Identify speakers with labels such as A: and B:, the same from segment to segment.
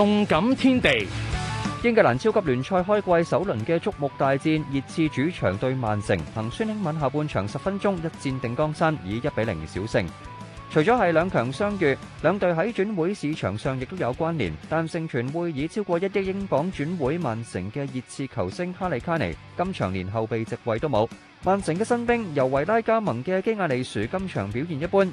A: 動感天地，英格蘭超級聯賽開季首輪嘅矚目大戰，熱刺主場對曼城，憑孫興敏下半場十分鐘一箭定江山，以一比零小勝。除咗係兩強相遇，兩隊喺轉會市場上亦都有關聯。但盛傳會以超過一億英鎊轉會曼城嘅熱刺球星哈利卡尼，今場連後備席位都冇。曼城嘅新兵由維拉加盟嘅基亞利殊今場表現一般。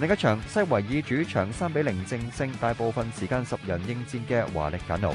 A: 另一場西維爾主場三比零淨勝，大部分時間十人應戰嘅華力簡奴。